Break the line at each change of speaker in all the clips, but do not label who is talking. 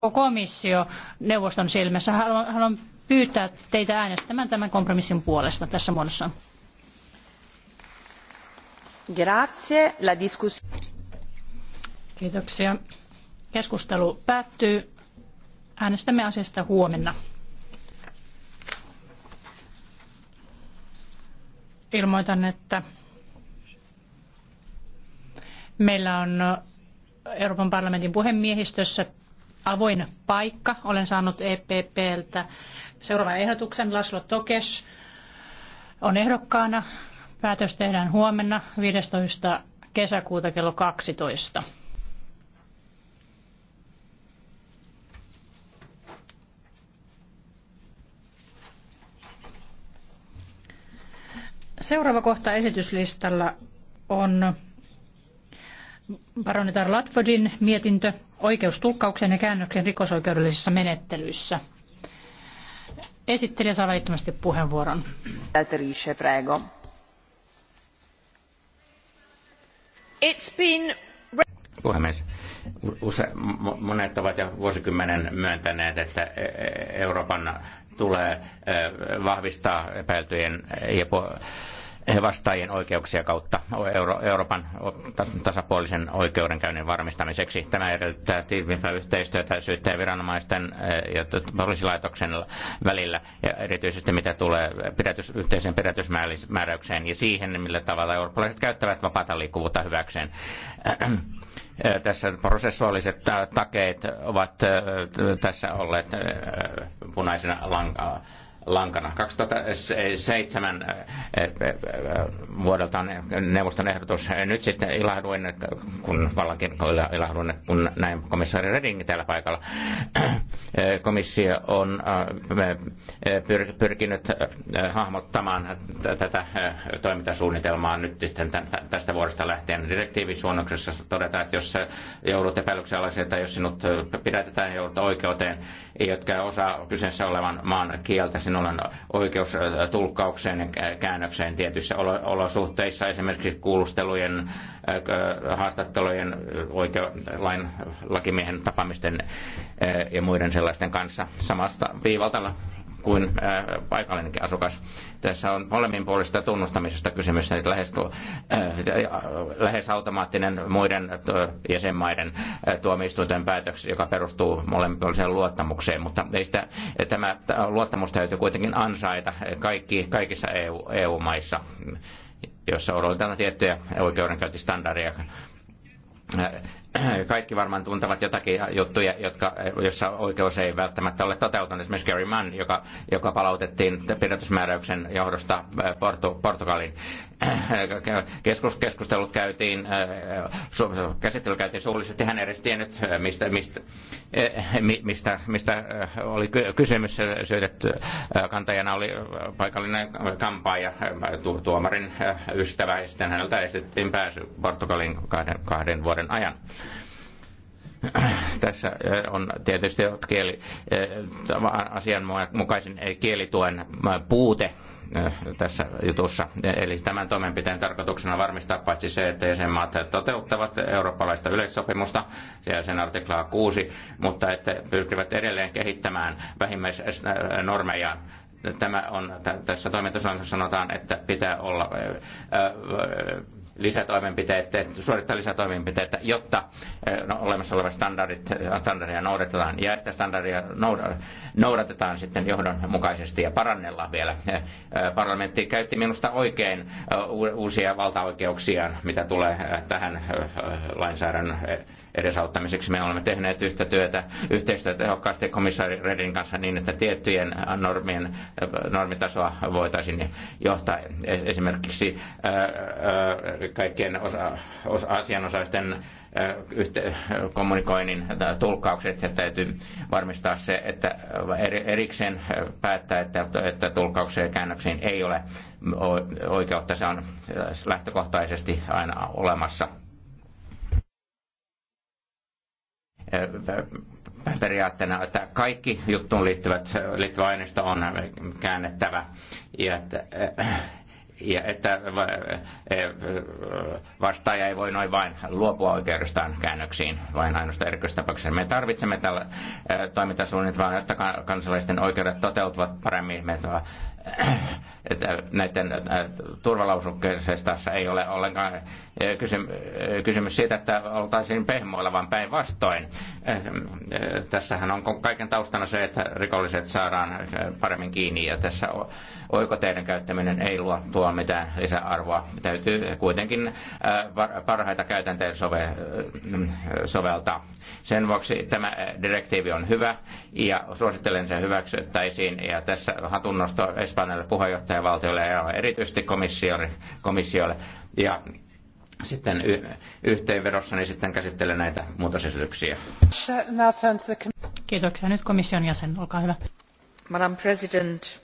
komissio neuvoston silmässä. Haluan, haluan pyytää teitä äänestämään tämän kompromissin puolesta tässä muodossa.
Grazie.
La discuss- Kiitoksia. Keskustelu päättyy. Äänestämme asiasta huomenna. Ilmoitan, että meillä on Euroopan parlamentin puhemiehistössä avoin paikka. Olen saanut EPPltä seuraavan ehdotuksen. Laslo Tokes on ehdokkaana. Päätös tehdään huomenna 15. kesäkuuta kello 12. Seuraava kohta esityslistalla on Baronetar Latfordin mietintö oikeustulkkauksen ja käännöksen rikosoikeudellisissa menettelyissä. Esittelijä saa välittömästi puheenvuoron.
prego. It's been...
Puhemies, use, monet ovat jo vuosikymmenen myöntäneet, että e, e, Euroopan tulee e, vahvistaa epäiltyjen ja vastaajien oikeuksia kautta Euro- Euroopan tasapuolisen oikeudenkäynnin varmistamiseksi. Tämä edellyttää tiivimpää yhteistyötä syyttäjäviranomaisten ja eh, poliisilaitoksen välillä, ja erityisesti mitä tulee pidätys, yhteiseen pidätysmääräykseen ja siihen, millä tavalla eurooppalaiset käyttävät vapaata liikkuvuutta hyväkseen eh, eh, tässä prosessuaaliset takeet ovat tässä olleet punaisena lankaa lankana. 2007 eh, eh, eh, vuodelta neuvoston ehdotus. Nyt sitten ilahduin, kun vallankinkoilla ilahduin, kun näin komissaari Reding täällä paikalla. Komissio on pyrkinyt hahmottamaan tätä toimintasuunnitelmaa nyt sitten tästä vuodesta lähtien. Direktiivisuunnoksessa todetaan, että jos joudut epäilyksen alaisen tai jos sinut pidätetään joudut oikeuteen, jotka osaa kyseessä olevan maan kieltä, sinun on oikeus äh, tulkkaukseen ja äh, käännökseen tietyissä olosuhteissa, esimerkiksi kuulustelujen, äh, haastattelujen, oikeuslain lakimiehen tapaamisten ja muiden sellaisten kanssa samasta viivalta kuin äh, paikallinenkin asukas. Tässä on puolista tunnustamisesta kysymys, että lähes, tuo, äh, lähes automaattinen muiden äh, jäsenmaiden tuomioistuinten päätöksi, joka perustuu molemminpuoliseen luottamukseen, mutta ei sitä, tämä luottamus täytyy kuitenkin ansaita kaikki, kaikissa EU, EU-maissa jossa odotetaan tiettyjä oikeudenkäyntistandardeja kaikki varmaan tuntevat jotakin juttuja, jotka, jossa oikeus ei välttämättä ole toteutunut. Esimerkiksi Gary Mann, joka, joka palautettiin pidätysmääräyksen johdosta äh, Portu, Portugalin. Äh, keskus, keskustelut käytiin, äh, su, käsittely käytiin suullisesti. Hän ei edes tiennyt, mistä, mistä, mistä, mistä oli kysymys. Syytetty kantajana oli paikallinen kampaaja, tuomarin ystävä. Ja sitten häneltä esitettiin pääsy Portugalin kahden, kahden vuoden ajan. Tässä on tietysti kieli, asianmukaisen kielituen puute tässä jutussa. Eli tämän toimenpiteen tarkoituksena varmistaa paitsi se, että jäsenmaat toteuttavat eurooppalaista yleissopimusta ja sen artiklaa 6, mutta että pyrkivät edelleen kehittämään vähimmäisnormeja tämä on, tässä toimintasuunnitelmassa sanotaan, että pitää olla lisätoimenpiteet, suorittaa lisätoimenpiteitä, jotta eh, no, olemassa olevat standardit, eh, standardia noudatetaan ja että standardia noudatetaan sitten johdonmukaisesti ja parannellaan vielä. Eh, parlamentti käytti minusta oikein uusia valtaoikeuksiaan, mitä tulee tähän lainsäädännön edesauttamiseksi. Me olemme tehneet yhtä työtä, yhteistyötä tehokkaasti komissaari Redin kanssa niin, että tiettyjen normien, normitasoa voitaisiin johtaa esimerkiksi kaikkien osa, osa, asianosaisten yhte, kommunikoinnin tulkkaukset ja täytyy varmistaa se, että erikseen päättää, että, että tulkaukseen ja käännöksiin ei ole oikeutta. Se on lähtökohtaisesti aina olemassa. Eh, periaatteena, että kaikki juttuun liittyvät, liittyvä aineisto on käännettävä. Ja että, eh, ja että eh, vastaaja ei voi noin vain luopua oikeudestaan käännöksiin, vain ainoastaan erikoistapauksessa. Me tarvitsemme tällä toimintasuunnitelmaa, jotta kansalaisten oikeudet toteutuvat paremmin. Me Äh, näiden äh, turvalausukkeista ei ole ollenkaan äh, kysymys siitä, että oltaisiin pehmoilla, vaan päinvastoin. Tässähän on kaiken taustana se, että rikolliset saadaan paremmin kiinni ja tässä oikoteiden käyttäminen ei luo tuo mitään lisäarvoa. Täytyy kuitenkin parhaita käytänteitä sove, soveltaa. Sen vuoksi tämä direktiivi on hyvä ja suosittelen sen hyväksyttäisiin ja tässä hatunnosto Espanjalle puheenjohtaja jäsenvaltioille ja erityisesti komissiolle. Ja sitten y- yhteenvedossa niin sitten käsittelen näitä muutosesityksiä.
Kiitoksia. Nyt komission jäsen, olkaa hyvä. Madam President,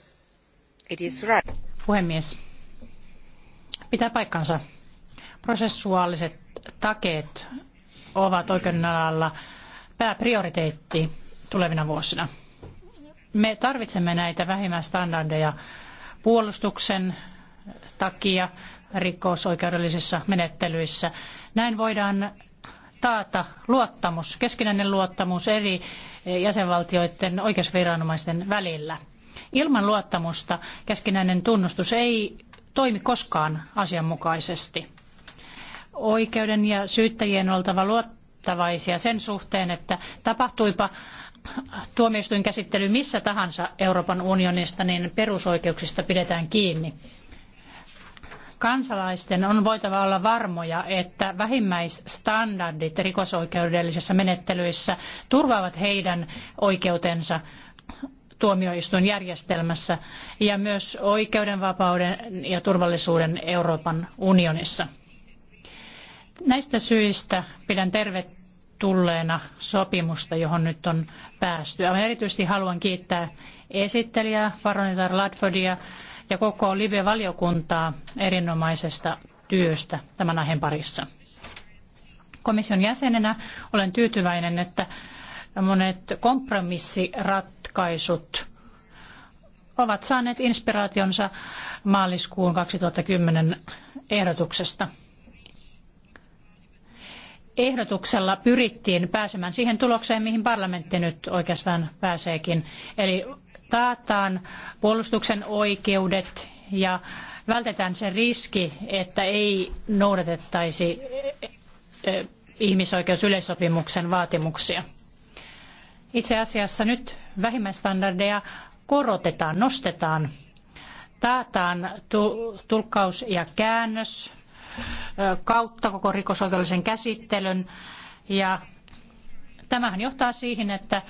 it is right. Puhemies, pitää paikkansa. Prosessuaaliset takeet ovat oikeuden alalla pääprioriteetti tulevina vuosina. Me tarvitsemme näitä vähimmäistandardeja standardeja puolustuksen takia rikosoikeudellisissa menettelyissä. Näin voidaan taata luottamus, keskinäinen luottamus eri jäsenvaltioiden oikeusviranomaisten välillä. Ilman luottamusta keskinäinen tunnustus ei toimi koskaan asianmukaisesti. Oikeuden ja syyttäjien on oltava luottavaisia sen suhteen, että tapahtuipa tuomioistuin käsittely missä tahansa Euroopan unionista, niin perusoikeuksista pidetään kiinni. Kansalaisten on voitava olla varmoja, että vähimmäisstandardit rikosoikeudellisissa menettelyissä turvaavat heidän oikeutensa tuomioistuinjärjestelmässä ja myös oikeudenvapauden ja turvallisuuden Euroopan unionissa. Näistä syistä pidän tervetulleena tulleena sopimusta, johon nyt on päästy. Aivan erityisesti haluan kiittää esittelijää, Varonitar Ladfordia ja koko Live-valiokuntaa erinomaisesta työstä tämän aiheen parissa. Komission jäsenenä olen tyytyväinen, että monet kompromissiratkaisut ovat saaneet inspiraationsa maaliskuun 2010 ehdotuksesta ehdotuksella pyrittiin pääsemään siihen tulokseen, mihin parlamentti nyt oikeastaan pääseekin. Eli taataan puolustuksen oikeudet ja vältetään se riski, että ei noudatettaisi e, e, ihmisoikeusyleissopimuksen vaatimuksia. Itse asiassa nyt vähimmäistandardeja korotetaan, nostetaan, taataan tulkkaus ja käännös kautta koko rikosoikeudellisen käsittelyn. Ja tämähän johtaa siihen, että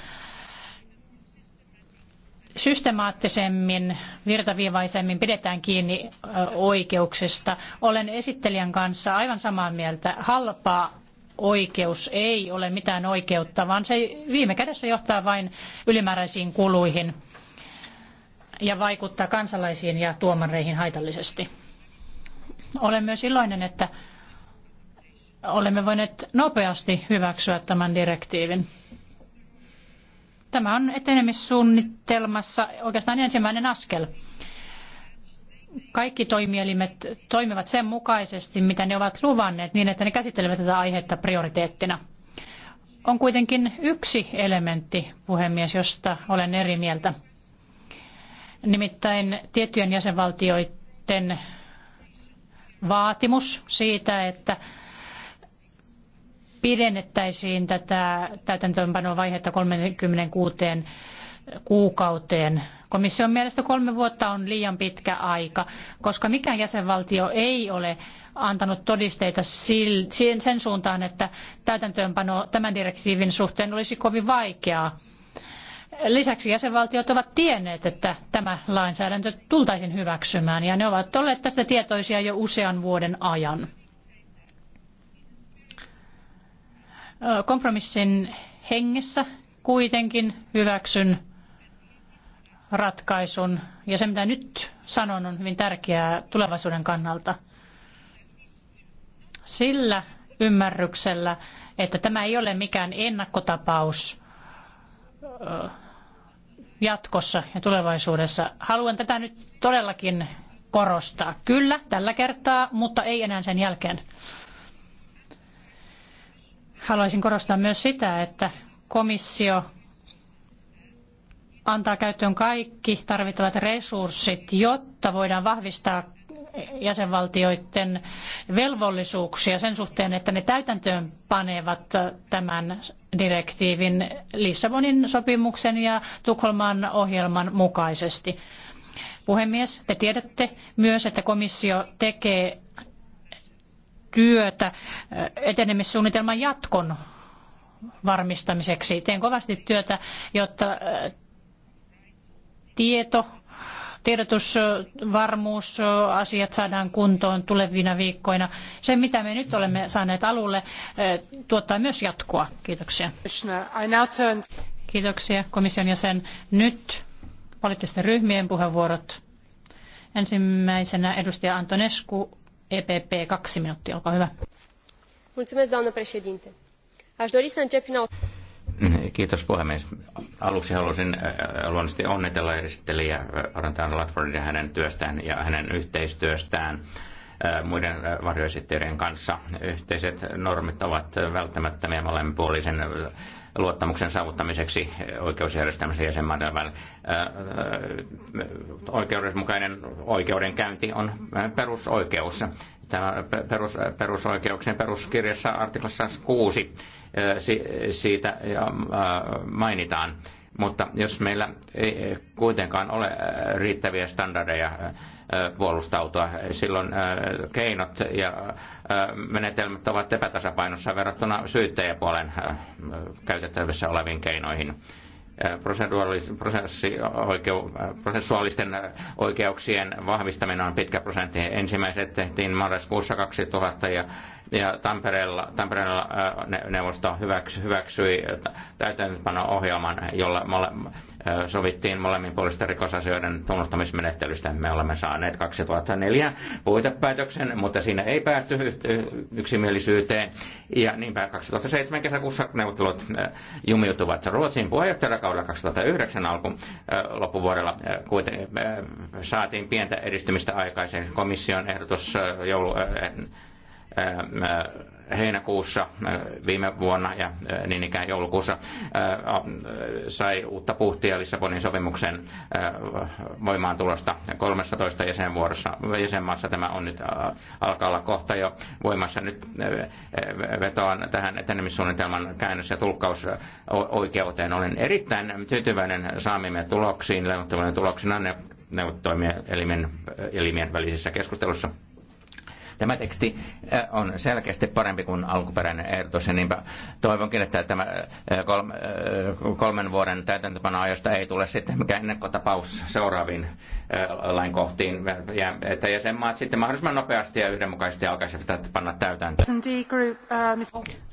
systemaattisemmin, virtaviivaisemmin pidetään kiinni oikeuksista. Olen esittelijän kanssa aivan samaa mieltä. Halpaa oikeus ei ole mitään oikeutta, vaan se viime kädessä johtaa vain ylimääräisiin kuluihin ja vaikuttaa kansalaisiin ja tuomareihin haitallisesti. Olen myös iloinen, että olemme voineet nopeasti hyväksyä tämän direktiivin. Tämä on etenemissuunnitelmassa oikeastaan ensimmäinen askel. Kaikki toimielimet toimivat sen mukaisesti, mitä ne ovat luvanneet, niin että ne käsittelevät tätä aihetta prioriteettina. On kuitenkin yksi elementti, puhemies, josta olen eri mieltä. Nimittäin tiettyjen jäsenvaltioiden vaatimus siitä, että pidennettäisiin tätä täytäntöönpanovaihetta 36 kuukauteen. Komission mielestä kolme vuotta on liian pitkä aika, koska mikään jäsenvaltio ei ole antanut todisteita sen suuntaan, että täytäntöönpano tämän direktiivin suhteen olisi kovin vaikeaa. Lisäksi jäsenvaltiot ovat tienneet, että tämä lainsäädäntö tultaisiin hyväksymään ja ne ovat olleet tästä tietoisia jo usean vuoden ajan. Kompromissin hengessä kuitenkin hyväksyn ratkaisun ja se mitä nyt sanon on hyvin tärkeää tulevaisuuden kannalta. Sillä ymmärryksellä, että tämä ei ole mikään ennakkotapaus jatkossa ja tulevaisuudessa. Haluan tätä nyt todellakin korostaa. Kyllä, tällä kertaa, mutta ei enää sen jälkeen. Haluaisin korostaa myös sitä, että komissio antaa käyttöön kaikki tarvittavat resurssit, jotta voidaan vahvistaa jäsenvaltioiden velvollisuuksia sen suhteen, että ne täytäntöön panevat tämän direktiivin Lissabonin sopimuksen ja Tukholman ohjelman mukaisesti. Puhemies, te tiedätte myös, että komissio tekee työtä äh, etenemissuunnitelman jatkon varmistamiseksi. Teen kovasti työtä, jotta äh, tieto tiedotusvarmuusasiat saadaan kuntoon tulevina viikkoina. Se, mitä me nyt olemme saaneet alulle, tuottaa myös jatkoa. Kiitoksia. Kiitoksia komission jäsen. Nyt poliittisten ryhmien puheenvuorot. Ensimmäisenä edustaja Antonescu, EPP, kaksi minuuttia, olkaa hyvä.
Mulțumesc, doamnă președinte. Aș dori să încep prin
Mm-hmm. Kiitos puhemies. Aluksi haluaisin äh, äh, luonnollisesti onnitella esittelijä äh, Latfordin ja hänen työstään ja hänen yhteistyöstään muiden varjoesittelijöiden kanssa. Yhteiset normit ovat välttämättömiä molemminpuolisen luottamuksen saavuttamiseksi oikeusjärjestelmässä jäsenmaiden välillä. Oikeudenmukainen oikeudenkäynti on perusoikeus tämä perus, perusoikeuksien peruskirjassa artiklassa 6 siitä mainitaan. Mutta jos meillä ei kuitenkaan ole riittäviä standardeja puolustautua, silloin keinot ja menetelmät ovat epätasapainossa verrattuna syyttäjäpuolen käytettävissä oleviin keinoihin prosessuaalisten oikeuksien vahvistaminen on pitkä prosentti. Ensimmäiset tehtiin marraskuussa 2000 ja, ja Tampereella, Tampereella äh, neuvosto hyväksyi, hyväksyi täytäntöpano-ohjelman, jolla sovittiin molemmin puolista rikosasioiden tunnustamismenettelystä. Me olemme saaneet 2004 puitepäätöksen, mutta siinä ei päästy yksimielisyyteen. Ja niinpä 2007 kesäkuussa neuvottelut jumiutuvat Ruotsin puheenjohtajakaudella 2009 alku, loppuvuodella kuitenkin saatiin pientä edistymistä aikaisen komission ehdotus joulu, heinäkuussa viime vuonna ja niin ikään joulukuussa sai uutta puhtia Lissabonin sopimuksen voimaantulosta 13 jäsenvuorossa. jäsenmaassa. Tämä on nyt alkaa olla kohta jo voimassa. Nyt vetoan tähän etenemissuunnitelman käännös- ja tulkkausoikeuteen. Olen erittäin tyytyväinen saamimme tuloksiin, neuvottelujen tuloksina ne, neuvottelujen elimien, elimien välisissä keskustelussa. Tämä teksti äh, on selkeästi parempi kuin alkuperäinen ehdotus, ja niinpä toivonkin, että tämä äh, äh, kolmen vuoden täytäntöpanoajosta ei tule sitten mikään ennakkotapaus seuraaviin lainkohtiin, ja että jäsenmaat sitten mahdollisimman nopeasti ja yhdenmukaisesti alkaisivat panna täytäntöön.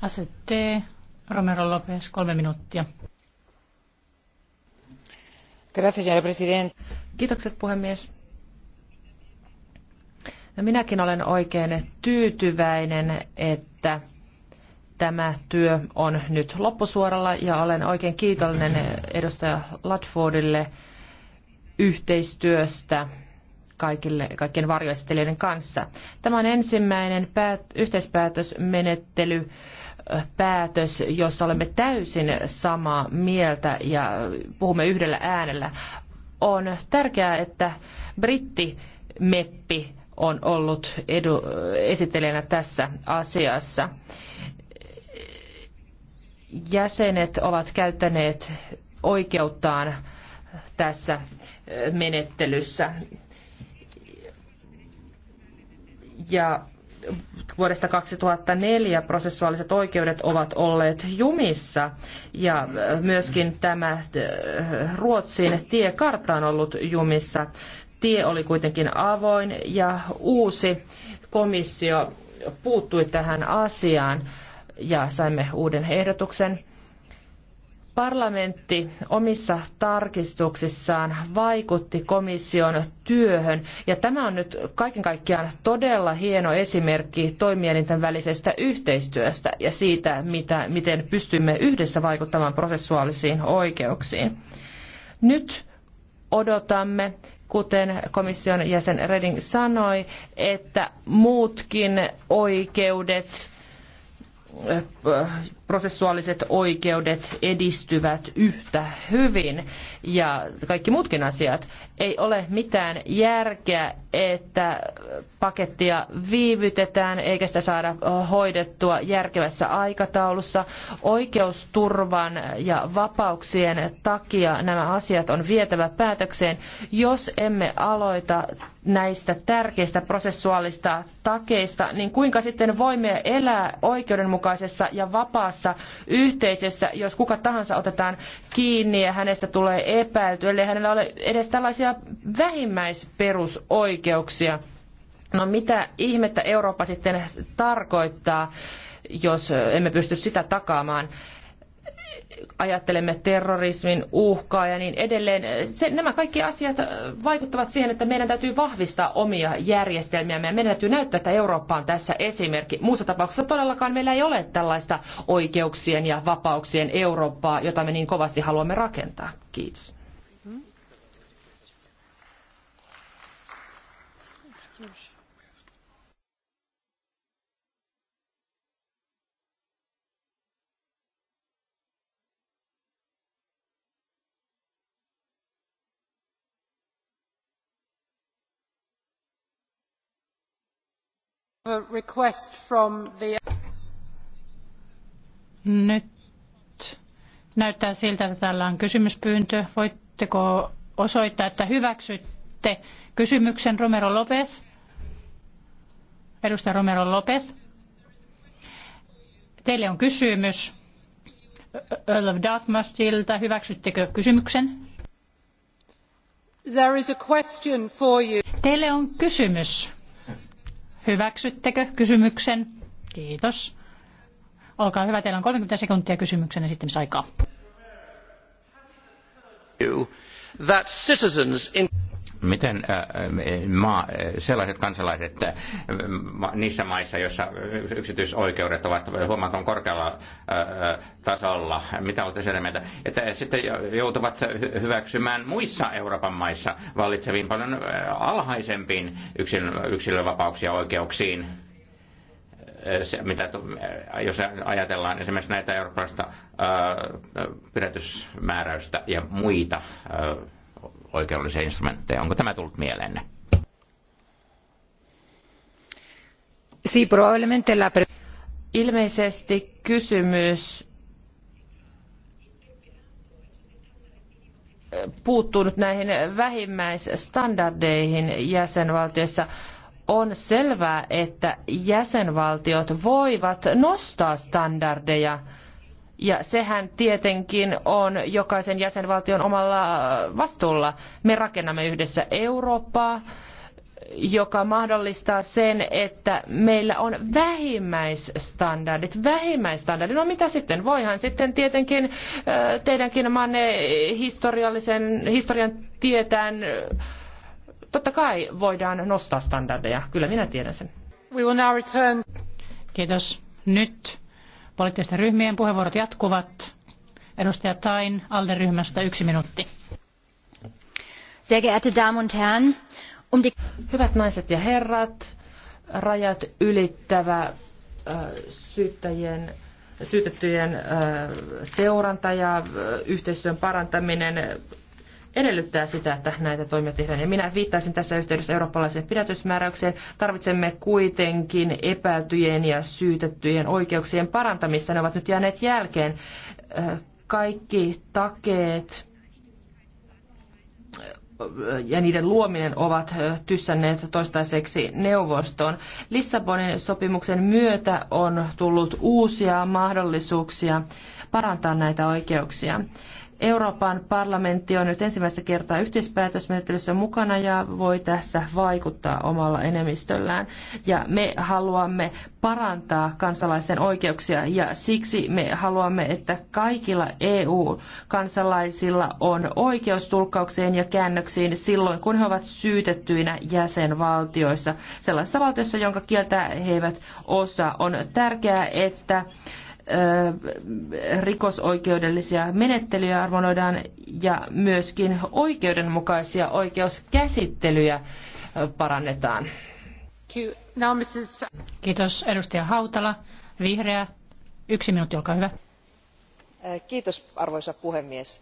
Asette uh, Romero Lopez, kolme minuuttia.
Kiitokset puhemies. No, minäkin olen oikein tyytyväinen, että tämä työ on nyt loppusuoralla ja olen oikein kiitollinen edustaja Latfordille yhteistyöstä kaikille, kaikkien varjoistelijoiden kanssa. Tämä on ensimmäinen päät, yhteispäätösmenettely päätös, jossa olemme täysin samaa mieltä ja puhumme yhdellä äänellä. On tärkeää, että britti meppi on ollut edu, esittelijänä tässä asiassa. Jäsenet ovat käyttäneet oikeuttaan tässä menettelyssä. Ja vuodesta 2004 prosessuaaliset oikeudet ovat olleet jumissa ja myöskin tämä äh, Ruotsin tiekartta on ollut jumissa tie oli kuitenkin avoin ja uusi komissio puuttui tähän asiaan ja saimme uuden ehdotuksen. Parlamentti omissa tarkistuksissaan vaikutti komission työhön ja tämä on nyt kaiken kaikkiaan todella hieno esimerkki toimielinten välisestä yhteistyöstä ja siitä, mitä, miten pystymme yhdessä vaikuttamaan prosessuaalisiin oikeuksiin. Nyt odotamme kuten komission jäsen Reding sanoi, että muutkin oikeudet prosessuaaliset oikeudet edistyvät yhtä hyvin ja kaikki muutkin asiat. Ei ole mitään järkeä, että pakettia viivytetään eikä sitä saada hoidettua järkevässä aikataulussa. Oikeusturvan ja vapauksien takia nämä asiat on vietävä päätökseen, jos emme aloita näistä tärkeistä prosessuaalista takeista, niin kuinka sitten voimme elää oikeudenmukaisessa ja vapaassa samassa yhteisössä, jos kuka tahansa otetaan kiinni ja hänestä tulee epäilty, ellei hänellä ole edes tällaisia vähimmäisperusoikeuksia. No mitä ihmettä Eurooppa sitten tarkoittaa, jos emme pysty sitä takaamaan? ajattelemme terrorismin uhkaa ja niin edelleen. Se, nämä kaikki asiat vaikuttavat siihen, että meidän täytyy vahvistaa omia järjestelmiämme ja meidän täytyy näyttää, että Eurooppa on tässä esimerkki. Muussa tapauksessa todellakaan meillä ei ole tällaista oikeuksien ja vapauksien Eurooppaa, jota me niin kovasti haluamme rakentaa. Kiitos.
Nyt näyttää siltä, että täällä on kysymyspyyntö. Voitteko osoittaa, että hyväksytte kysymyksen Romero Lopez? Edustaja Romero Lopez. Teille on kysymys Earl of Dartmouthilta. Hyväksyttekö kysymyksen? There is a question for you. Teille on kysymys. Hyväksyttekö kysymyksen? Kiitos. Olkaa hyvä, teillä on 30 sekuntia kysymyksen esittämisaikaa.
That citizens in miten äh, äh, maa, äh, sellaiset kansalaiset niissä maissa, joissa yksityisoikeudet ovat huomattavan korkealla tasolla, mitä olette sitä mieltä, että sitten joutuvat hyväksymään muissa Euroopan maissa vallitseviin paljon alhaisempiin yksilönvapauksia ja oikeuksiin? Se, mitä, jos ajatellaan esimerkiksi näitä eurooppalaista pidätysmääräystä ja muita ää, oikeudellisia instrumentteja. Onko tämä tullut mieleenne?
Ilmeisesti kysymys eh, puuttuu nyt näihin vähimmäisstandardeihin jäsenvaltioissa. On selvää, että jäsenvaltiot voivat nostaa standardeja ja sehän tietenkin on jokaisen jäsenvaltion omalla vastuulla. Me rakennamme yhdessä Eurooppaa, joka mahdollistaa sen, että meillä on vähimmäisstandardit. Vähimmäisstandardit, no mitä sitten? Voihan sitten tietenkin teidänkin maanne historiallisen, historian tietään, totta kai voidaan nostaa standardeja. Kyllä minä tiedän sen.
Kiitos. Nyt Poliittisten ryhmien puheenvuorot jatkuvat. Edustaja Tain, ALDE-ryhmästä yksi minuutti.
Sehr geehrte Damen und Herren, um die... Hyvät naiset ja herrat, rajat ylittävä äh, syyttäjien syytettyjen seuranta ja yhteistyön parantaminen edellyttää sitä, että näitä toimia tehdään. Ja minä viittaisin tässä yhteydessä eurooppalaiseen pidätysmääräykseen. Tarvitsemme kuitenkin epäiltyjen ja syytettyjen oikeuksien parantamista. Ne ovat nyt jääneet jälkeen. Kaikki takeet ja niiden luominen ovat tyssänneet toistaiseksi neuvostoon. Lissabonin sopimuksen myötä on tullut uusia mahdollisuuksia parantaa näitä oikeuksia. Euroopan parlamentti on nyt ensimmäistä kertaa yhteispäätösmenettelyssä mukana ja voi tässä vaikuttaa omalla enemmistöllään. Ja me haluamme parantaa kansalaisten oikeuksia ja siksi me haluamme, että kaikilla EU-kansalaisilla on oikeus tulkkaukseen ja käännöksiin silloin, kun he ovat syytettyinä jäsenvaltioissa. Sellaisessa valtiossa, jonka kieltä he eivät osaa, on tärkeää, että rikosoikeudellisia menettelyjä arvonnoidaan ja myöskin oikeudenmukaisia oikeuskäsittelyjä parannetaan. Kiitos edustaja Hautala. Vihreä.
Yksi minuutti, olkaa hyvä.
Äh, kiitos arvoisa puhemies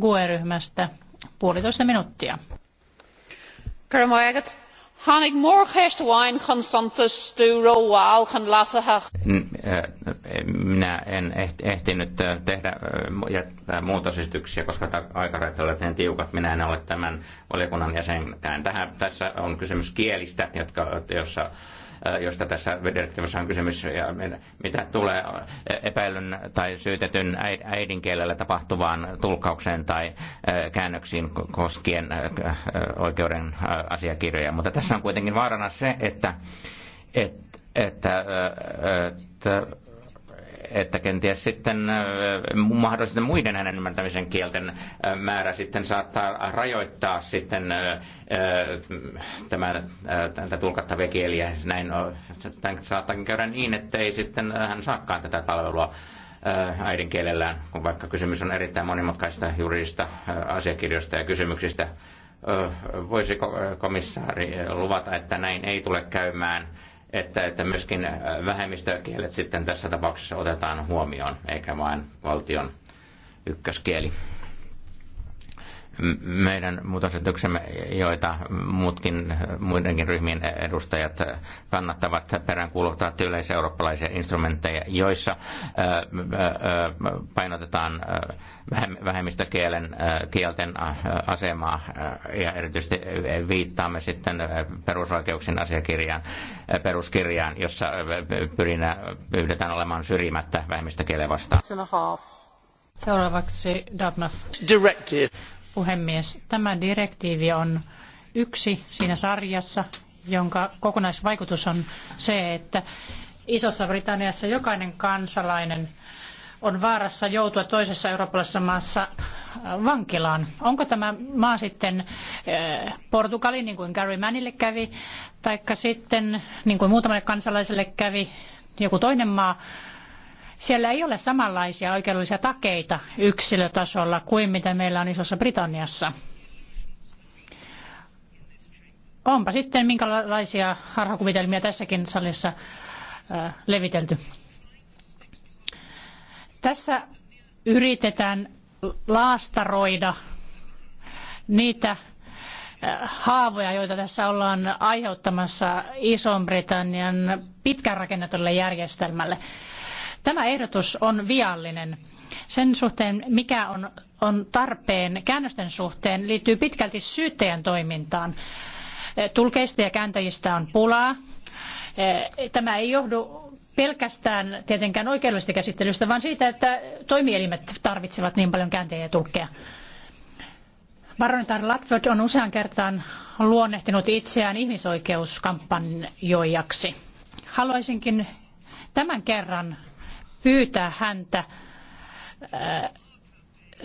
GUE-ryhmästä puolitoista minuuttia.
Hannig vain konstantus du
roal
Minä en ehtinyt eh, tehdä eh, jättää muutosesityksiä, koska aikarajat olivat niin tiukat. Minä en ole tämän valiokunnan jäsenkään. Tähän, tässä on kysymys kielistä, jotka, jossa josta tässä direktiivissä on kysymys. Ja mitä tulee epäilyn tai syytetyn äidinkielellä tapahtuvaan tulkaukseen tai käännöksiin koskien oikeuden asiakirjoja. Mutta tässä on kuitenkin vaarana se, että, että, että, että että kenties sitten mahdollisten muiden hänen ymmärtämisen kielten määrä sitten saattaa rajoittaa sitten tämän, tätä tulkattavia kieliä. Näin on, saattaakin käydä niin, että ei sitten hän saakaan tätä palvelua äidinkielellään, kun vaikka kysymys on erittäin monimutkaisista juridista asiakirjoista ja kysymyksistä. Voisiko komissaari luvata, että näin ei tule käymään? että, että myöskin äh, vähemmistökielet sitten tässä tapauksessa otetaan huomioon, eikä vain valtion ykköskieli meidän muutosetyksemme, joita muutkin, muidenkin ryhmien edustajat kannattavat peräänkuuluttavat yleiseurooppalaisia instrumentteja, joissa painotetaan vähemmistökielen kielten asemaa ja erityisesti viittaamme sitten perusoikeuksien asiakirjaan, peruskirjaan, jossa pyydetään olemaan syrjimättä vähemmistökielen vastaan.
Seuraavaksi Dabnaf. Directive puhemies. Tämä direktiivi on yksi siinä sarjassa, jonka kokonaisvaikutus on se, että Isossa Britanniassa jokainen kansalainen on vaarassa joutua toisessa eurooppalaisessa maassa äh, vankilaan. Onko tämä maa sitten äh, Portugali, niin kuin Gary Mannille kävi, taikka sitten, niin kuin muutamalle kansalaiselle kävi, joku toinen maa, siellä ei ole samanlaisia oikeudellisia takeita yksilötasolla kuin mitä meillä on Isossa Britanniassa. Onpa sitten minkälaisia harhakuvitelmia tässäkin salissa äh, levitelty. Tässä yritetään laastaroida niitä äh, haavoja, joita tässä ollaan aiheuttamassa Ison-Britannian pitkään rakennetulle järjestelmälle. Tämä ehdotus on viallinen. Sen suhteen, mikä on, on tarpeen käännösten suhteen, liittyy pitkälti syyttäjän toimintaan. Eh, tulkeista ja kääntäjistä on pulaa. Eh, tämä ei johdu pelkästään tietenkään oikeudellisesta käsittelystä, vaan siitä, että toimielimet tarvitsevat niin paljon kääntäjiä ja tulkkeja. Baronitar Latford on usean kertaan luonnehtinut itseään ihmisoikeuskampanjoijaksi. Haluaisinkin tämän kerran pyytää häntä äh,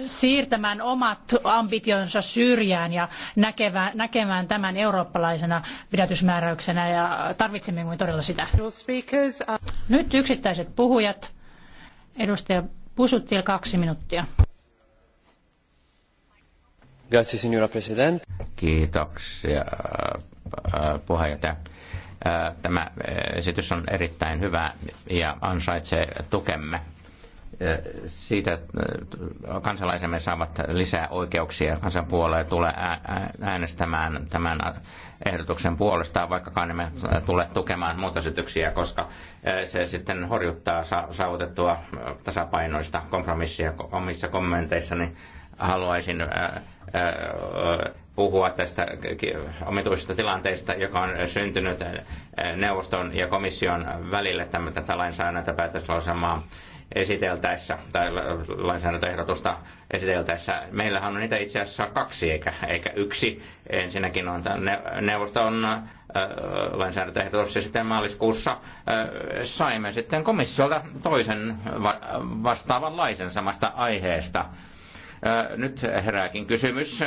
siirtämään omat ambitionsa syrjään ja näkevään, näkemään tämän eurooppalaisena pidätysmääräyksenä ja tarvitsemme me todella sitä. Nyt yksittäiset puhujat. Edustaja Pusuttil kaksi minuuttia.
Grazie signora Presidente. Kiitoksia äh, puheenjohtaja Tämä esitys on erittäin hyvä ja ansaitsee tukemme. Siitä kansalaisemme saavat lisää oikeuksia. Kansan puolue tulee äänestämään tämän ehdotuksen puolesta, vaikkakaan emme tule tukemaan muutosityksiä, koska se sitten horjuttaa saavutettua tasapainoista kompromissia omissa kommenteissani. haluaisin puhua tästä omituisesta tilanteesta, joka on syntynyt eh, neuvoston ja komission välille tätä lainsäädäntöpäätöslauselmaa esiteltäessä tai lainsäädäntöehdotusta esiteltäessä. Meillähän on niitä itse asiassa kaksi eikä, eikä yksi. Ensinnäkin on neuvoston eh, lainsäädäntöehdotus ja sitten maaliskuussa eh, saimme sitten komissiolta toisen vastaavanlaisen samasta aiheesta – nyt herääkin kysymys,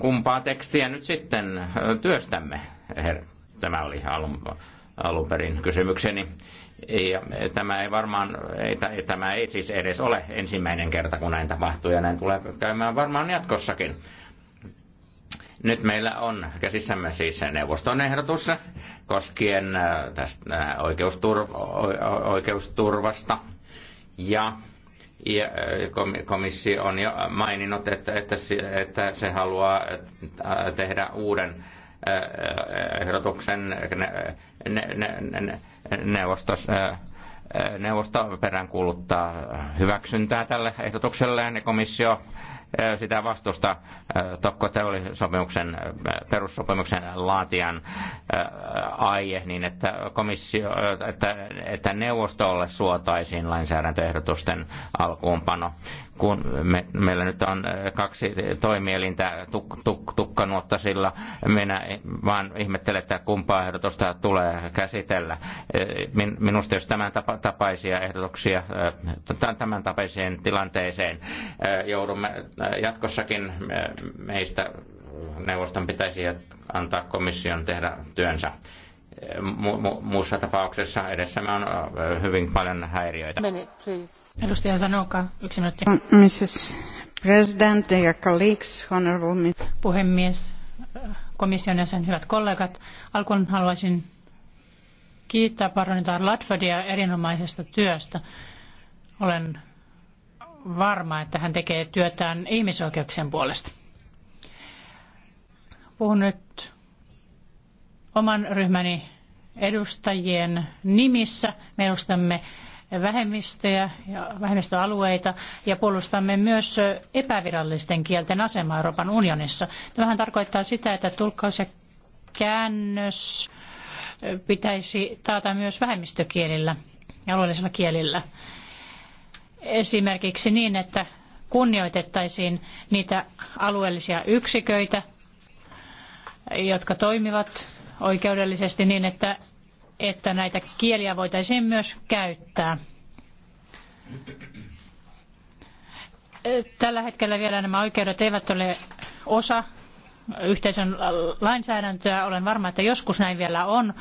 kumpaa tekstiä nyt sitten työstämme? Tämä oli alun, alun perin kysymykseni. Ja tämä ei varmaan, ei, tämä ei siis edes ole ensimmäinen kerta, kun näin tapahtuu, ja näin tulee käymään varmaan jatkossakin. Nyt meillä on käsissämme siis neuvoston ehdotus koskien tästä oikeusturv, oikeusturvasta – ja ja äh, komissio on jo maininnut, että, että, että se haluaa äh, tehdä uuden äh, ehdotuksen ne, ne, ne, neuvostos, neuvosto peräänkuuluttaa hyväksyntää tälle ehdotukselle ja komissio sitä vastusta Tokko sopimuksen perussopimuksen laatijan aie niin, että, komissio, että, että neuvostolle suotaisiin lainsäädäntöehdotusten alkuunpano kun me, meillä nyt on äh, kaksi toimielintä tuk, tuk, tukkanuotta sillä, minä vaan ihmettelen, että kumpaa ehdotusta tulee käsitellä. Äh, min, minusta jos tämän tapa, tapaisia ehdotuksia, äh, tämän tapaisiin tilanteeseen joudumme jatkossakin meistä neuvoston pitäisi antaa komission tehdä työnsä mu- muussa tapauksessa edessämme on hyvin paljon häiriöitä. Minute,
Edustaja Sanoka, yksi minuutti. Mrs. President, dear colleagues, honorable Puhemies, komission jäsen, hyvät kollegat. Alkuun haluaisin kiittää paronitar Latfordia erinomaisesta työstä. Olen varma, että hän tekee työtään ihmisoikeuksien puolesta. Puhun nyt oman ryhmäni edustajien nimissä. Me edustamme vähemmistöjä ja vähemmistöalueita ja puolustamme myös epävirallisten kielten asemaa Euroopan unionissa. Tämähän tarkoittaa sitä, että tulkkaus ja käännös pitäisi taata myös vähemmistökielillä ja alueellisilla kielillä. Esimerkiksi niin, että kunnioitettaisiin niitä alueellisia yksiköitä, jotka toimivat oikeudellisesti niin, että, että näitä kieliä voitaisiin myös käyttää. Tällä hetkellä vielä nämä oikeudet eivät ole osa yhteisön lainsäädäntöä. Olen varma, että joskus näin vielä on,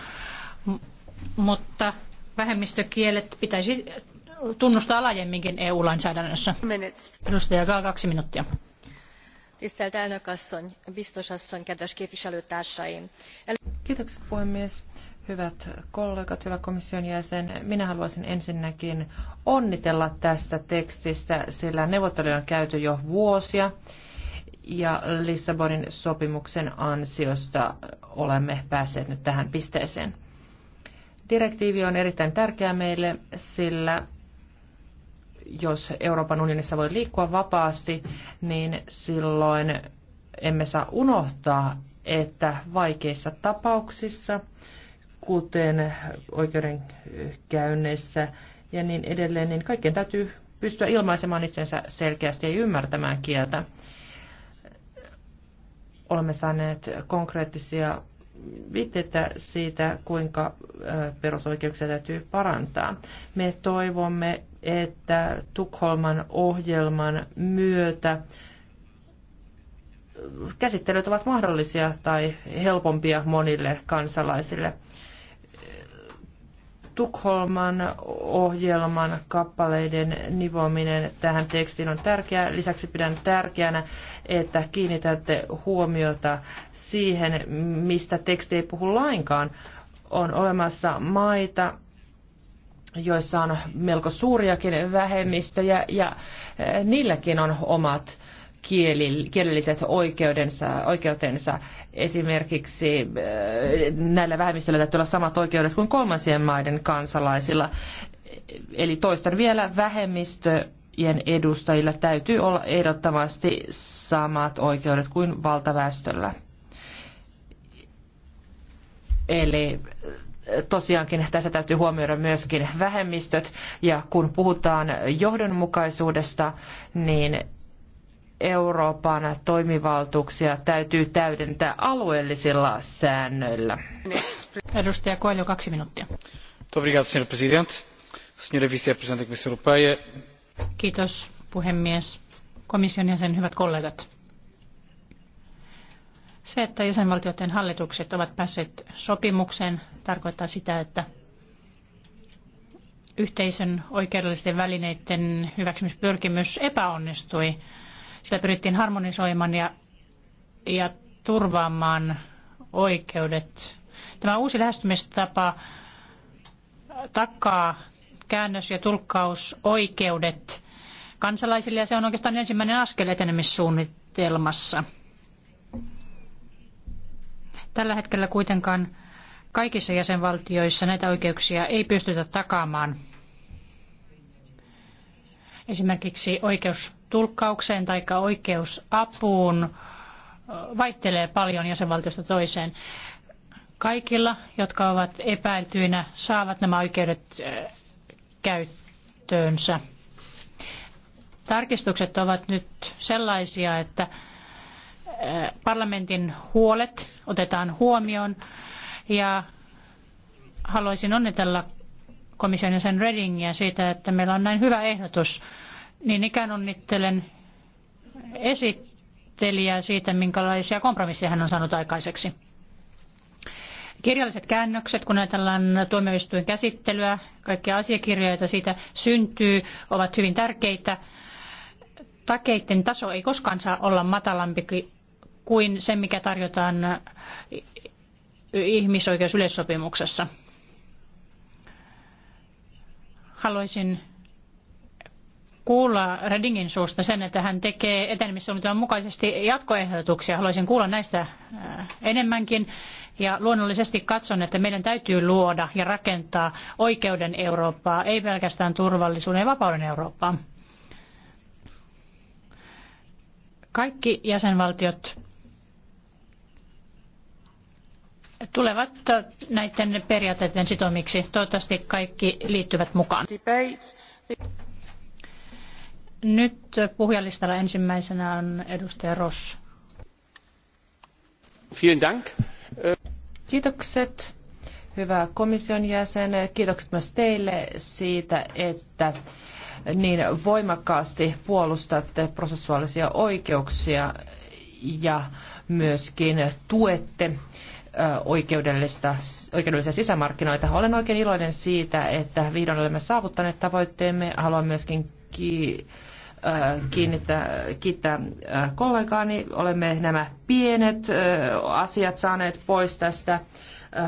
mutta vähemmistökielet pitäisi tunnustaa laajemminkin EU-lainsäädännössä. Edustaja Gal, kaksi minuuttia. Tisztelt elnök asszony, biztos asszony, kedves képviselőtársaim!
Kiitokset puhemies. Hyvät kollegat, hyvä komission jäsen, minä haluaisin ensinnäkin onnitella tästä tekstistä, sillä neuvotteluja on käyty jo vuosia ja Lissabonin sopimuksen ansiosta olemme päässeet nyt tähän pisteeseen. Direktiivi on erittäin tärkeä meille, sillä jos Euroopan unionissa voi liikkua vapaasti, niin silloin emme saa unohtaa, että vaikeissa tapauksissa, kuten oikeudenkäynneissä ja niin edelleen, niin kaikkien täytyy pystyä ilmaisemaan itsensä selkeästi ja ymmärtämään kieltä. Olemme saaneet konkreettisia viitteitä siitä, kuinka perusoikeuksia täytyy parantaa. Me toivomme että Tukholman ohjelman myötä käsittelyt ovat mahdollisia tai helpompia monille kansalaisille. Tukholman ohjelman kappaleiden nivominen tähän tekstiin on tärkeää. Lisäksi pidän tärkeänä, että kiinnitätte huomiota siihen, mistä teksti ei puhu lainkaan. On olemassa maita, joissa on melko suuriakin vähemmistöjä ja äh, niilläkin on omat kielelliset oikeudensa, oikeutensa. Esimerkiksi äh, näillä vähemmistöillä täytyy olla samat oikeudet kuin kolmansien maiden kansalaisilla. Eli toistan vielä, vähemmistöjen edustajilla täytyy olla ehdottomasti samat oikeudet kuin valtaväestöllä. Eli tosiaankin tässä täytyy huomioida myöskin vähemmistöt ja kun puhutaan johdonmukaisuudesta, niin Euroopan toimivaltuuksia täytyy täydentää alueellisilla säännöillä. Edustaja Koelio, kaksi minuuttia.
Kiitos puhemies, komission jäsen, hyvät kollegat. Se, että jäsenvaltioiden hallitukset ovat päässeet sopimukseen, tarkoittaa sitä, että yhteisön oikeudellisten välineiden hyväksymispyrkimys epäonnistui. Sillä pyrittiin harmonisoimaan ja, ja turvaamaan oikeudet. Tämä uusi lähestymistapa takaa käännös- ja tulkkausoikeudet kansalaisille ja se on oikeastaan ensimmäinen askel etenemissuunnitelmassa. Tällä hetkellä kuitenkaan kaikissa jäsenvaltioissa näitä oikeuksia ei pystytä takaamaan. Esimerkiksi oikeus tulkkaukseen tai oikeus apuun vaihtelee paljon jäsenvaltiosta toiseen. Kaikilla, jotka ovat epäiltyinä, saavat nämä oikeudet käyttöönsä. Tarkistukset ovat nyt sellaisia, että Äh, parlamentin huolet otetaan huomioon ja haluaisin onnitella komission jäsen Redingiä siitä, että meillä on näin hyvä ehdotus. Niin ikään onnittelen esittelijää siitä, minkälaisia kompromisseja hän on saanut aikaiseksi. Kirjalliset käännökset, kun ajatellaan tuomioistuin käsittelyä, kaikkia asiakirjoja, joita siitä syntyy, ovat hyvin tärkeitä. Takeiden taso ei koskaan saa olla matalampi kuin se, mikä tarjotaan ihmisoikeusyleissopimuksessa. Haluaisin kuulla Redingin suusta sen, että hän tekee etenemissuunnitelman mukaisesti jatkoehdotuksia. Haluaisin kuulla näistä äh, enemmänkin. Ja luonnollisesti katson, että meidän täytyy luoda ja rakentaa oikeuden Eurooppaa, ei pelkästään turvallisuuden ja vapauden Eurooppaa. Kaikki jäsenvaltiot tulevat näiden periaatteiden sitomiksi. Toivottavasti kaikki liittyvät mukaan. Nyt puhujalistalla ensimmäisenä on edustaja
Ross. Vielen Dank.
Kiitokset, hyvä komission jäsen. Kiitokset myös teille siitä, että niin voimakkaasti puolustatte prosessuaalisia oikeuksia ja myöskin tuette oikeudellista, oikeudellisia sisämarkkinoita. Olen oikein iloinen siitä, että vihdoin olemme saavuttaneet tavoitteemme. Haluan myöskin ki- kiinnittää, kiittää kollegaani. Olemme nämä pienet asiat saaneet pois tästä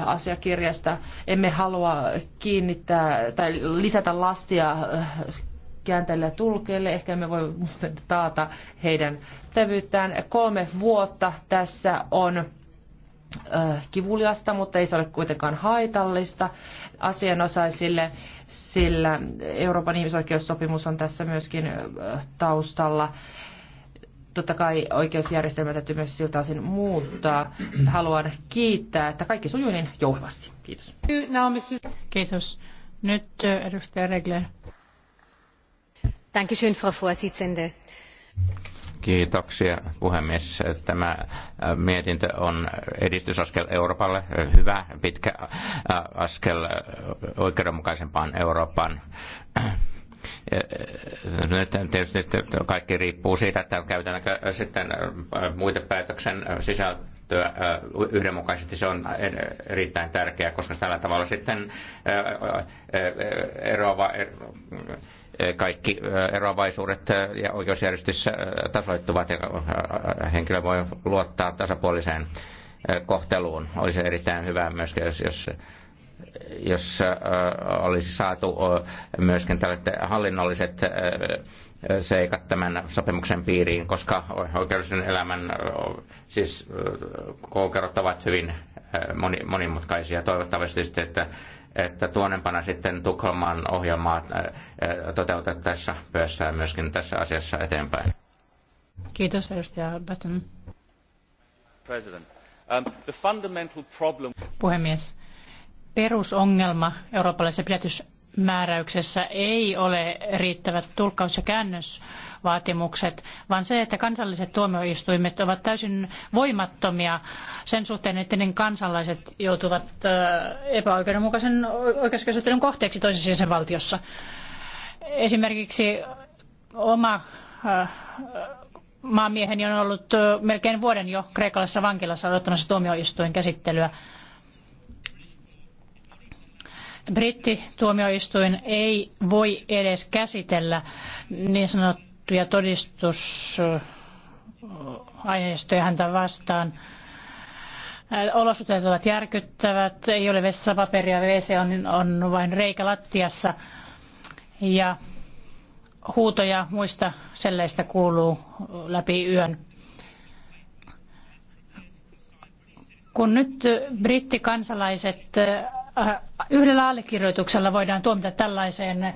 asiakirjasta. Emme halua kiinnittää tai lisätä lastia kääntäjille ja tulkeille. Ehkä me voi muuten taata heidän tävyyttään. Kolme vuotta tässä on kivuliasta, mutta ei se ole kuitenkaan haitallista asianosaisille, sillä Euroopan ihmisoikeussopimus on tässä myöskin taustalla. Totta kai oikeusjärjestelmä täytyy myös siltä osin muuttaa. Haluan kiittää, että kaikki sujuu niin jouhevasti. Kiitos.
Kiitos. Nyt edustaja Regler. Dankeschön, Frau Vorsitzende.
Kiitoksia puhemies. Tämä äh, mietintö on edistysaskel Euroopalle, hyvä pitkä äh, askel äh, oikeudenmukaisempaan Eurooppaan. Nyt tietysti kaikki riippuu siitä, että käytetäänkö sitten päätöksen sisältöä yhdenmukaisesti. Se on erittäin tärkeää, koska tällä tavalla sitten eroava kaikki eroavaisuudet ja oikeusjärjestys tasoittuvat ja henkilö voi luottaa tasapuoliseen kohteluun. Olisi erittäin hyvä myöskin, jos, jos jos olisi saatu myöskin tällaiset hallinnolliset seikat tämän sopimuksen piiriin, koska oikeudellisen elämän siis koukerot ovat hyvin monimutkaisia. Toivottavasti sitten, että että tuonempana sitten Tukholman ohjelmaa äh, äh, toteutettaessa pyössään myöskin tässä asiassa eteenpäin.
Kiitos, edustaja Batten.
President. Um,
Puhemies, perusongelma eurooppalaisessa pidätys määräyksessä ei ole riittävät tulkkaus- ja käännösvaatimukset, vaan se, että kansalliset tuomioistuimet ovat täysin voimattomia sen suhteen, että niiden kansalaiset joutuvat äh, epäoikeudenmukaisen oikeuskäsittelyn kohteeksi toisessa jäsenvaltiossa. Esimerkiksi oma äh, maamieheni on ollut äh, melkein vuoden jo kreikkalaisessa vankilassa odottamassa tuomioistuinkäsittelyä. käsittelyä brittituomioistuin ei voi edes käsitellä niin sanottuja todistusaineistoja äh, häntä vastaan. Äh, olosuhteet ovat järkyttävät, ei ole vessapaperia, WC on, on vain reikä lattiassa ja huutoja muista selleistä kuuluu läpi yön. Kun nyt brittikansalaiset Äh, yhdellä allekirjoituksella voidaan tuomita tällaiseen äh,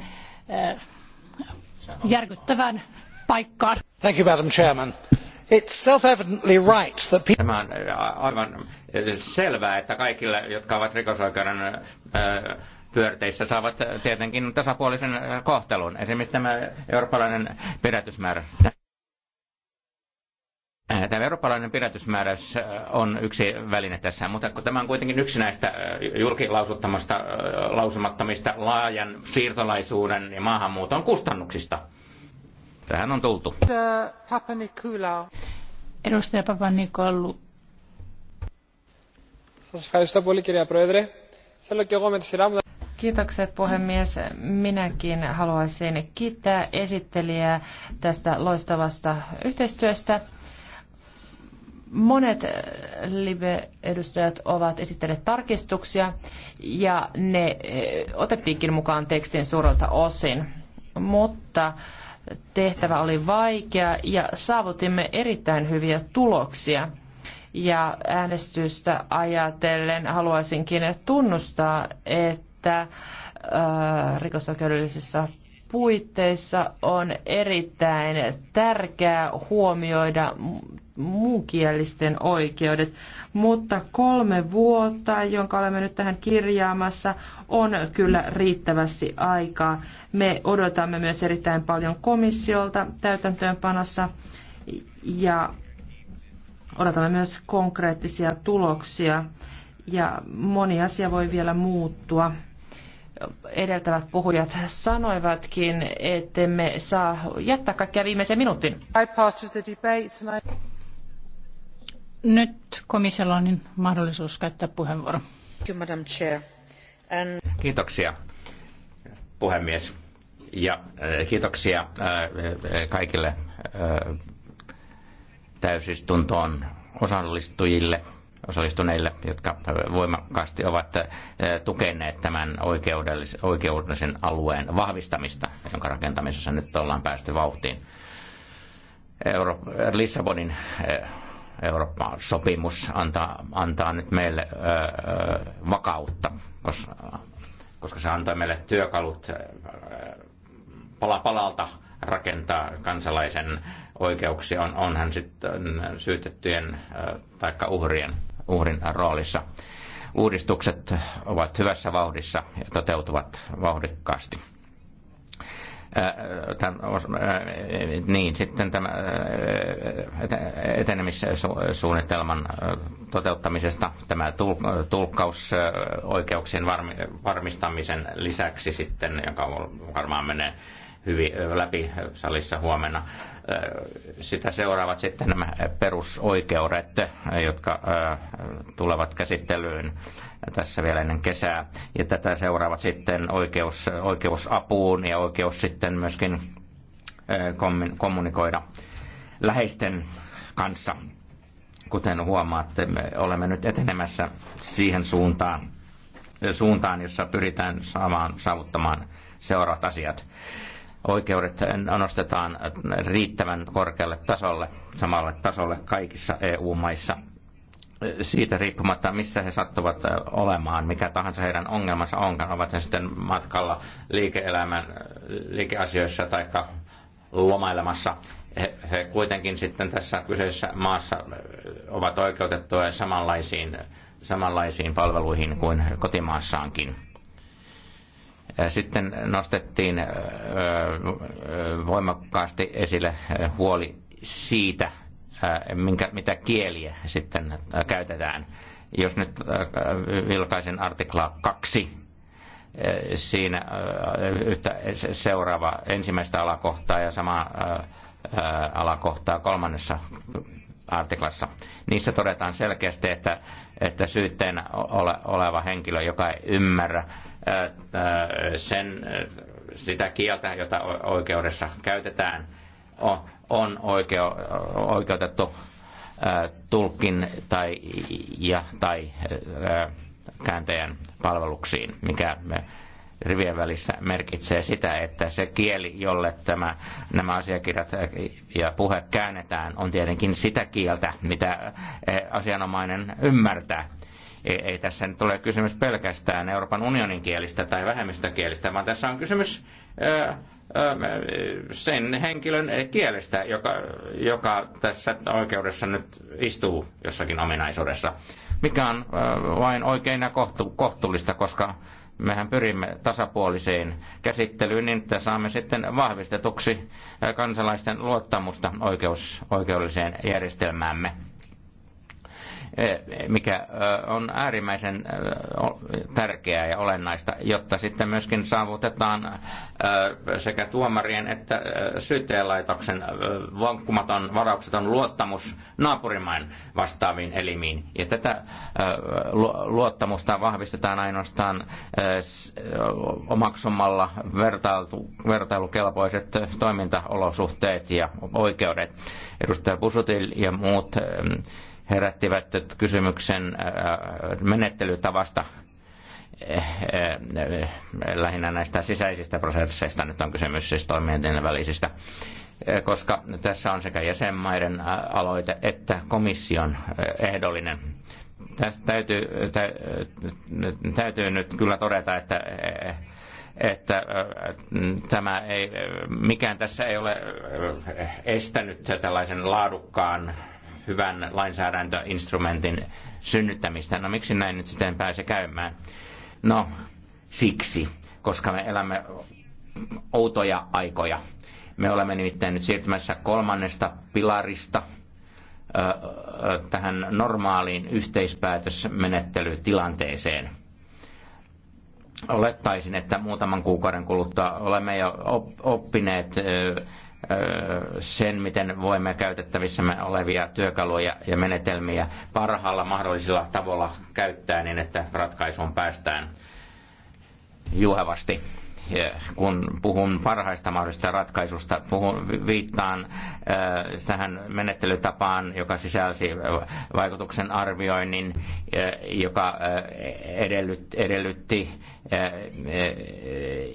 järkyttävään paikkaan.
Thank you, Madam Chairman. It's self-evidently right that people... Tämä on äh, aivan selvää, että kaikille, jotka ovat rikosoikeuden pyörteissä, saavat tietenkin tasapuolisen kohtelun. Esimerkiksi tämä eurooppalainen pidätysmäärä. Äh, tämä eurooppalainen pidätysmääräys äh, on yksi väline tässä, mutta kun tämä on kuitenkin yksi näistä äh, julkilausuttamasta lausumattomista laajan siirtolaisuuden ja maahanmuuton kustannuksista. Tähän on tultu.
Edustaja Papa Kiitokset puhemies. Minäkin haluaisin kiittää esittelijää tästä loistavasta yhteistyöstä. Monet äh, live-edustajat ovat esittäneet tarkistuksia ja ne äh, otettiinkin mukaan tekstin suurelta osin, mutta tehtävä oli vaikea ja saavutimme erittäin hyviä tuloksia. Ja äänestystä ajatellen haluaisinkin tunnustaa, että äh, rikosoikeudellisessa puitteissa on erittäin tärkeää huomioida muukielisten oikeudet, mutta kolme vuotta, jonka olemme nyt tähän kirjaamassa, on kyllä riittävästi aikaa. Me odotamme myös erittäin paljon komissiolta täytäntöönpanossa ja odotamme myös konkreettisia tuloksia ja moni asia voi vielä muuttua edeltävät puhujat sanoivatkin, ettemme saa jättää kaikkia viimeisen minuutin.
Nyt komissiolla on niin mahdollisuus käyttää puheenvuoro.
Kiitoksia, puhemies. Ja äh, kiitoksia äh, äh, kaikille täysistuntoon osallistujille osallistuneille, jotka voimakkaasti ovat eh, tukeneet tämän oikeudellis- oikeudellisen alueen vahvistamista, jonka rakentamisessa nyt ollaan päästy vauhtiin. Euro- Lissabonin eh, Eurooppa-sopimus antaa, antaa nyt meille ö, eh, ö, vakautta, koska, koska se antaa meille työkalut palapalalta pala palalta rakentaa kansalaisen oikeuksia, on, onhan sitten syytettyjen taikka uhrien uhrin roolissa. Uudistukset ovat hyvässä vauhdissa ja toteutuvat vauhdikkaasti. Tämän, niin, sitten tämä etenemissuunnitelman toteuttamisesta tämä tulkkausoikeuksien varmistamisen lisäksi sitten, joka varmaan menee hyvin läpi salissa huomenna. Sitä seuraavat sitten nämä perusoikeudet, jotka tulevat käsittelyyn tässä vielä ennen kesää. Ja tätä seuraavat sitten oikeus, oikeusapuun ja oikeus sitten myöskin kommunikoida läheisten kanssa. Kuten huomaatte, me olemme nyt etenemässä siihen suuntaan, suuntaan jossa pyritään saamaan, saavuttamaan seuraavat asiat oikeudet nostetaan riittävän korkealle tasolle, samalle tasolle kaikissa EU-maissa siitä riippumatta, missä he sattuvat olemaan, mikä tahansa heidän ongelmansa onkaan, ovat he sitten matkalla liike-elämän liikeasioissa tai lomailemassa, he, he kuitenkin sitten tässä kyseisessä maassa ovat oikeutettuja samanlaisiin, samanlaisiin palveluihin kuin kotimaassaankin sitten nostettiin voimakkaasti esille huoli siitä, minkä, mitä kieliä sitten käytetään. Jos nyt vilkaisen artiklaa kaksi, siinä yhtä seuraava ensimmäistä alakohtaa ja sama alakohtaa kolmannessa artiklassa. Niissä todetaan selkeästi, että, että syytteen oleva henkilö, joka ei ymmärrä sen, sitä kieltä, jota oikeudessa käytetään, on oikeo, oikeutettu tulkin tai, ja, tai kääntäjän palveluksiin, mikä rivien välissä merkitsee sitä, että se kieli, jolle tämä, nämä asiakirjat ja puhe käännetään, on tietenkin sitä kieltä, mitä asianomainen ymmärtää. Ei, ei tässä nyt ole kysymys pelkästään Euroopan unionin kielistä tai vähemmistökielistä, vaan tässä on kysymys sen henkilön kielestä, joka, joka tässä oikeudessa nyt istuu jossakin ominaisuudessa, mikä on vain oikein ja kohtu, kohtuullista, koska mehän pyrimme tasapuoliseen käsittelyyn niin, että saamme sitten vahvistetuksi kansalaisten luottamusta oikeus, oikeudelliseen järjestelmäämme. Eh, mikä on äärimmäisen tärkeää ja olennaista, jotta sitten myöskin saavutetaan sekä tuomarien että syyttäjälaitoksen vankkumaton, varaukseton luottamus naapurimain vastaaviin elimiin. Ja tätä luottamusta vahvistetaan ainoastaan omaksumalla vertailu, vertailukelpoiset toimintaolosuhteet ja oikeudet. Edustaja Pusutil ja muut herättivät kysymyksen äh, äh, menettelytavasta eh, eh, lähinnä näistä sisäisistä prosesseista nyt on kysymys siis toimijoiden välisistä, eh, koska tässä on sekä jäsenmaiden aloite että komission ehdollinen. Tästä täytyy, täytyy nyt kyllä todeta, että että tämä ei, mikään tässä ei ole estänyt tällaisen laadukkaan hyvän lainsäädäntöinstrumentin synnyttämistä. No miksi näin nyt sitten pääse käymään? No siksi, koska me elämme outoja aikoja. Me olemme nimittäin nyt siirtymässä kolmannesta pilarista tähän normaaliin yhteispäätösmenettelytilanteeseen. Olettaisin, että muutaman kuukauden kuluttua olemme jo oppineet sen, miten voimme käytettävissämme olevia työkaluja ja menetelmiä parhaalla mahdollisella tavalla käyttää niin, että ratkaisuun päästään juhevasti kun puhun parhaista mahdollisista ratkaisusta, puhun, viittaan äh, tähän menettelytapaan, joka sisälsi vaikutuksen arvioinnin, äh, joka äh, edellytti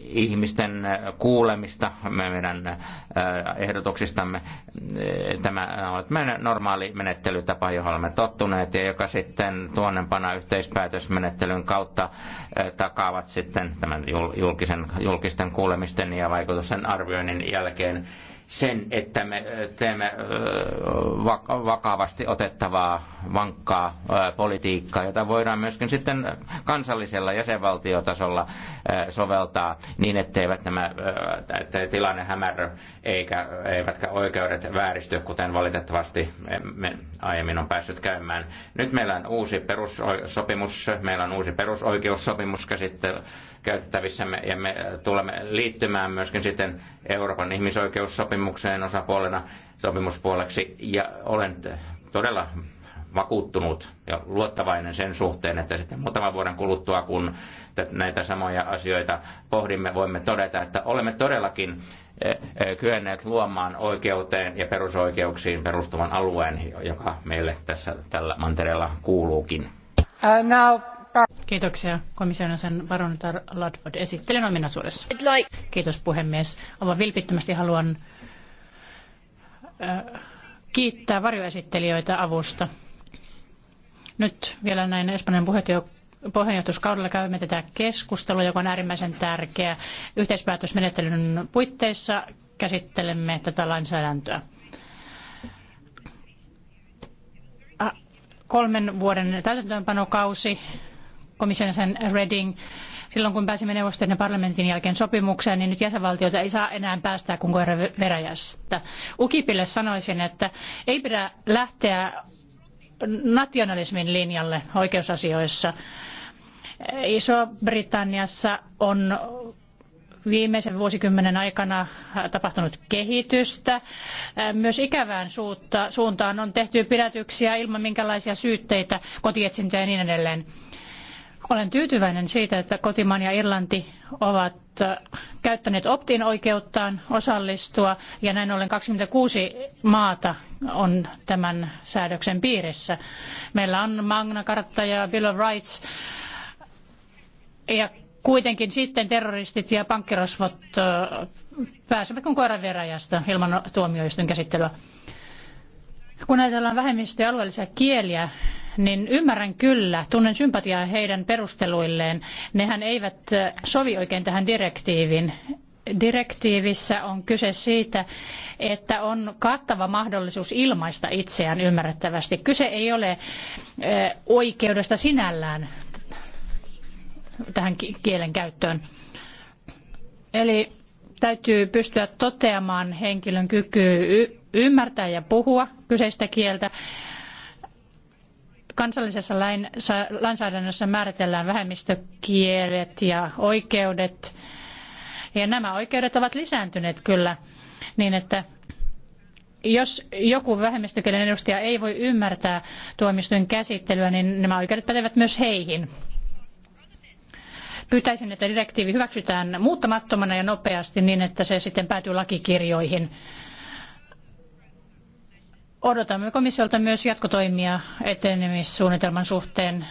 ihmisten kuulemista meidän ehdotuksistamme. Tämä on normaali menettelytapa, johon olemme tottuneet ja joka sitten tuonnempana yhteispäätösmenettelyn kautta takaavat sitten tämän julkisen julkisten kuulemisten ja vaikutusten arvioinnin jälkeen sen, että me teemme vakavasti otettavaa, vankkaa politiikkaa, jota voidaan myöskin sitten kansallisella jäsenvaltiotasolla soveltaa niin, etteivät nämä, ettei tilanne hämärry eikä, eivätkä oikeudet vääristy, kuten valitettavasti aiemmin on päässyt käymään. Nyt meillä on uusi perussopimus, meillä on uusi perusoikeussopimus käsittely me, ja me äh, tulemme liittymään myöskin sitten Euroopan ihmisoikeussopimukseen osapuolena sopimuspuoleksi ja olen todella vakuuttunut ja luottavainen sen suhteen, että sitten muutaman vuoden kuluttua, kun näitä samoja asioita pohdimme, voimme todeta, että olemme todellakin eh, eh, kyenneet luomaan oikeuteen ja perusoikeuksiin perustuvan alueen, joka meille tässä tällä mantereella kuuluukin.
Uh, now Kiitoksia komission sen baronatar Ladford. Esittelen ominaisuudessa. Kiitos puhemies. Aivan vilpittömästi haluan äh, kiittää varjoesittelijöitä avusta. Nyt vielä näin Espanjan puheenjohtajuuskaudella käymme tätä keskustelua, joka on äärimmäisen tärkeä. Yhteispäätösmenettelyn puitteissa käsittelemme tätä lainsäädäntöä. kolmen vuoden täytäntöönpanokausi komission sen Reading silloin kun pääsimme neuvoston ja parlamentin jälkeen sopimukseen, niin nyt jäsenvaltioita ei saa enää päästää kuin koira veräjästä. Ukipille sanoisin, että ei pidä lähteä nationalismin linjalle oikeusasioissa. Iso-Britanniassa on viimeisen vuosikymmenen aikana tapahtunut kehitystä. Myös ikävään suuntaan on tehty pidätyksiä ilman minkälaisia syytteitä, kotietsintöjä ja niin edelleen olen tyytyväinen siitä, että kotimaan ja Irlanti ovat äh, käyttäneet optin oikeuttaan osallistua ja näin ollen 26 maata on tämän säädöksen piirissä. Meillä on Magna Carta ja Bill of Rights ja kuitenkin sitten terroristit ja pankkirosvot äh, pääsevät kuin koiran veräjästä ilman tuomioistuin käsittelyä. Kun ajatellaan vähemmistöjä alueellisia kieliä, niin ymmärrän kyllä, tunnen sympatiaa heidän perusteluilleen. Nehän eivät sovi oikein tähän direktiiviin. Direktiivissä on kyse siitä, että on kattava mahdollisuus ilmaista itseään ymmärrettävästi. Kyse ei ole oikeudesta sinällään tähän kielen käyttöön. Eli täytyy pystyä toteamaan henkilön kyky ymmärtää ja puhua kyseistä kieltä Kansallisessa lainsäädännössä määritellään vähemmistökielet ja oikeudet. Ja nämä oikeudet ovat lisääntyneet kyllä niin, että jos joku vähemmistökielen edustaja ei voi ymmärtää tuomistuin käsittelyä, niin nämä oikeudet pätevät myös heihin. Pyytäisin, että direktiivi hyväksytään muuttamattomana ja nopeasti niin, että se sitten päätyy lakikirjoihin. Odotamme komissiolta myös jatkotoimia etenemissuunnitelman suhteen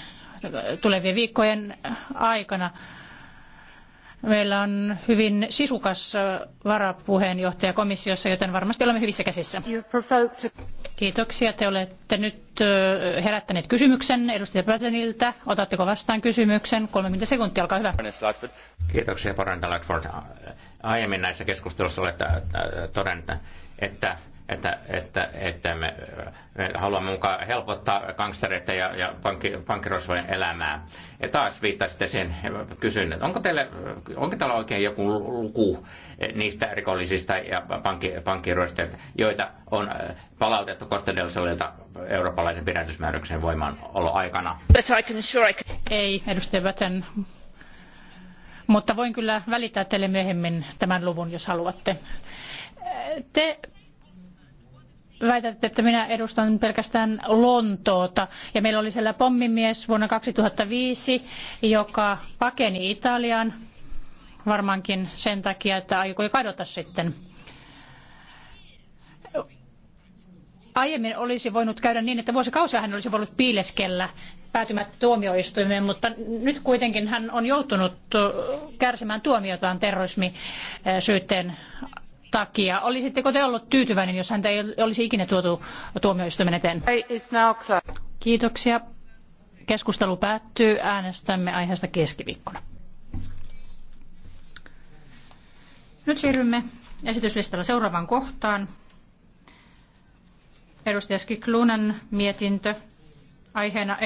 tulevien viikkojen aikana. Meillä on hyvin sisukas varapuheenjohtaja komissiossa, joten varmasti olemme hyvissä käsissä. Kiitoksia. Te olette nyt herättäneet kysymyksen edustaja Päteniltä. Otatteko vastaan kysymyksen? 30
sekuntia, olkaa hyvä. Kiitoksia, Paranta Aiemmin näissä keskusteluissa olette todennut, että että, että, että me, me haluamme mukaan helpottaa gangstereiden ja, ja pankki, pankkirosvojen elämää. Ja taas viittasitte sen kysyn, että onko teille onko teillä oikein joku luku niistä rikollisista ja pankki, joita on äh, palautettu Kostadelsolilta eurooppalaisen pidätysmääräyksen voimaan olo aikana?
Ei, edustaja Vätän. Mutta voin kyllä välittää teille myöhemmin tämän luvun, jos haluatte. Te väitätte, että minä edustan pelkästään Lontoota. Ja meillä oli siellä pommimies vuonna 2005, joka pakeni Italiaan varmaankin sen takia, että aikoi kadota sitten. Aiemmin olisi voinut käydä niin, että vuosikausia hän olisi voinut piileskellä päätymättä tuomioistuimeen, mutta nyt kuitenkin hän on joutunut kärsimään tuomiotaan terrorismisyytteen takia. Olisitteko te ollut tyytyväinen, jos häntä ei olisi ikinä tuotu tuomioistuimen eteen? Kiitoksia. Keskustelu päättyy. Äänestämme aiheesta keskiviikkona. Nyt siirrymme esityslistalla seuraavaan kohtaan. Edustaja Skiklunan mietintö aiheena